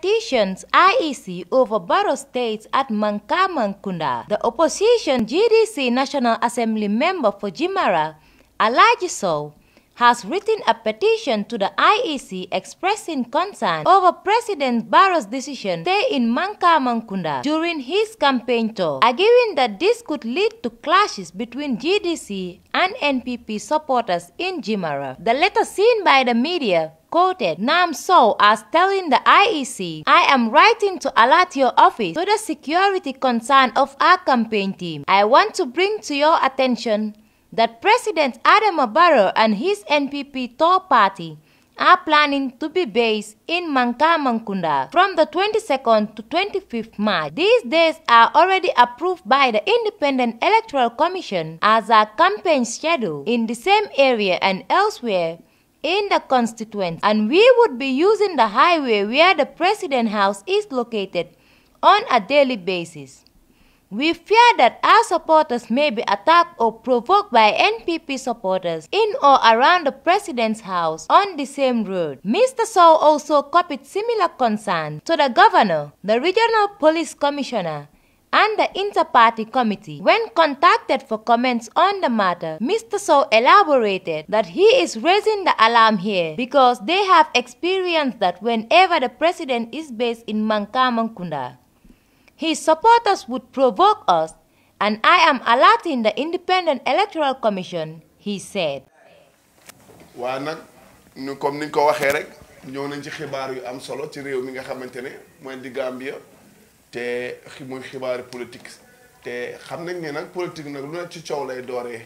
petitions IEC over borrow states at Mankamankunda. The opposition GDC National Assembly member for Jimara, Alaji Sow, has written a petition to the IEC expressing concern over President Barrow's decision to stay in Mankamankunda during his campaign tour, arguing that this could lead to clashes between GDC and NPP supporters in Jimara. The letter seen by the media quoted NAMSO as telling the IEC, I am writing to alert your office to the security concern of our campaign team. I want to bring to your attention that President Adam Barrow and his NPP Tour party are planning to be based in Mankunda from the 22nd to 25th March. These days are already approved by the Independent Electoral Commission as a campaign schedule in the same area and elsewhere in the constituent and we would be using the highway where the president house is located on a daily basis. We fear that our supporters may be attacked or provoked by NPP supporters in or around the president's house on the same road. Mr. Sow also copied similar concerns to the governor, the regional police commissioner, and the inter-party committee. When contacted for comments on the matter, Mr. So elaborated that he is raising the alarm here because they have experienced that whenever the president is based in Mankamankunda, his supporters would provoke us and I am alerting the Independent Electoral Commission, he said. waaw nag ñu comme ni ñu ko waxee rek ñëw nañ ci xibaar yu Gambia te muy xibaari politique te xam nañ ni nag politique nag lu ne ci coow lay dooree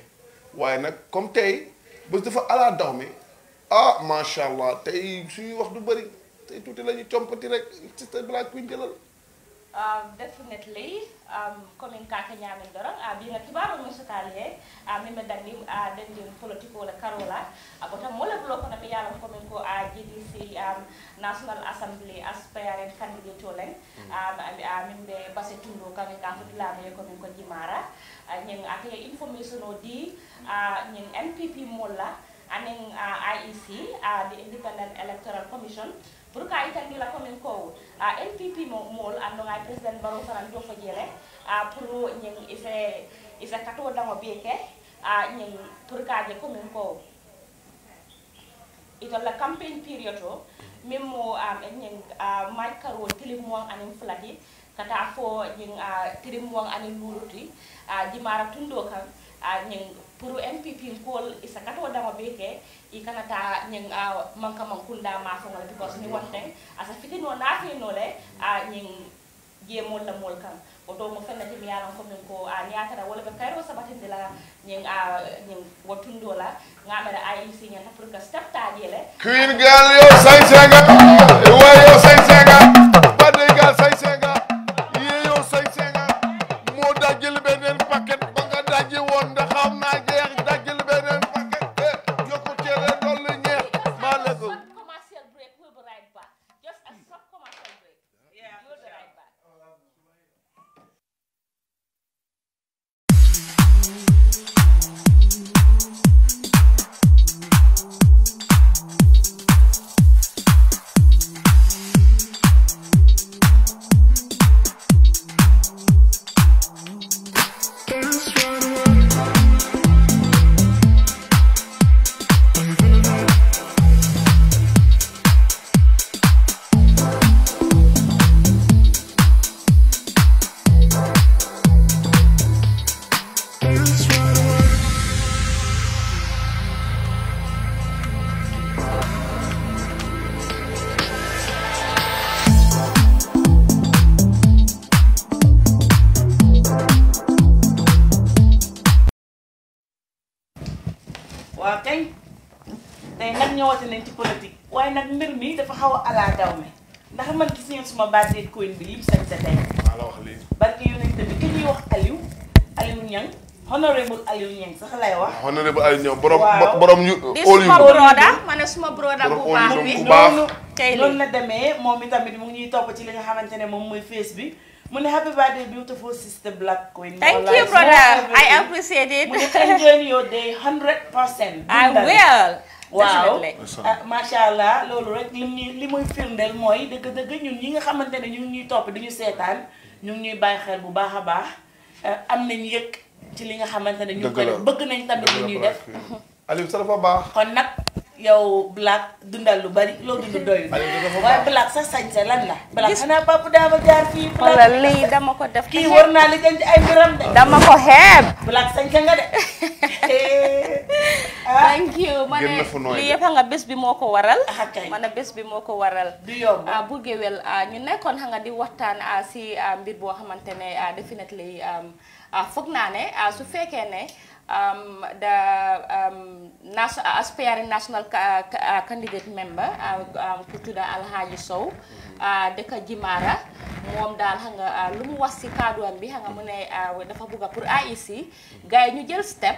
waaye nag comme tey bés dafa alaa daw mi ah macha allah tey suñuy wax du bëri tey tuuti la ñuy compati rek ci black bi jëlal Um, definitely um, komin kaka ñamin doron a ah, bina kibaro musical ye a ah, mimɓe ah, dandim a dandin politique ola karola a ɓota mole bulo kono mi yalam komin ko a gdc um, national assembly aspirant candidate olen um, a mimɓe base tundo kamin ka fotulamaye komin ko jimara ñin uh, ake information o di ñin uh, npp molla anin uh, IEC uh, the Independent Electoral Commission buruka itandila komin ko uh, NPP mo mol ando ngai president baro faran do fo jele pour ñing ife ife kato dango beke ñing buruka je komin ko ito la campaign period o mim mo am um, ñing may karo tilim mo anin flati kata fo ñing tilim mo anin luluti dimara tundo kan ñing pour MPP nkol isakato dama beke ikana ta nyeng uh, manka mankunda maso ngala because ni one thing asa fiti no na fi no le a uh, nyeng ye mol la mol kan oto mo fenna ti miyala ko min ko a uh, ni atara wala be kairo sabatin de la nyeng a nyeng wotundo la ngamera IEC nyanta pour ka step ta jele queen girl yo sai sanga waaw kañ tey nag ñëwaate nañ ci politique waaye nag mbir mi dafa xaw a ala daw mi ndax man gis ngeen suma baatee coin bi yëpp sañ sa tey barke yonent bi ki ñuy wax Aliou Aliou Niang honorable Aliou Niang sax lay wax. honorable Aliou Niang borom borom ñu. óol yu suma broda ma ne suma broda bu baax bi. loolu la demee moom itamit mu ngi ñuy topp ci li nga xamante ne moom mooy face bi. mu ne happy birthday beautiful sister Black Queen. thank you brother I appreciate it. mu ne enjoy your day 100 percent. I will. waaw macha allah loolu rek li muy li muy mooy dëgg-dëgg ñun ñi nga xamante ne ñu ñuy topp di ñu seetaan ñu ngi ñuy bàyyi xel bu baax a baax ah, am nañ yëg ci li nga xamante ne. ñu ko bëgg nañ tamit li def. Aliou sa dafa baax kon nag. yow black dundal lu bari loo dund doyul waaye black sax sañse lan la black xanaa papa daama jaar fii xoolal lii dama ko def kii black ah. thank you ma ne lii nga bés bi moo waral ma ne bi moo waral du ah, bu ah, ñu nga di waxtaan si mbir boo xamante definitely um, foog naa ne su fekkee ne um, the um, nas uh, aspiring national ca ca uh, candidate member uh, ku tudda Alhaji Sow mm-hmm. dëkk Jimara moom daal xam lu mu wax si kàdduwam bi xam nga dafa bugg pour AIC mm-hmm. gars ñu jël step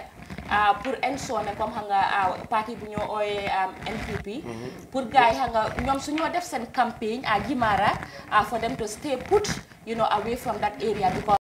pour ensone comme xam nga bu ñoo ooyee um, NPP mm-hmm. pour gars yi xam nga ñoom def seen campagne à Jimara for them to stay put you know away from that area because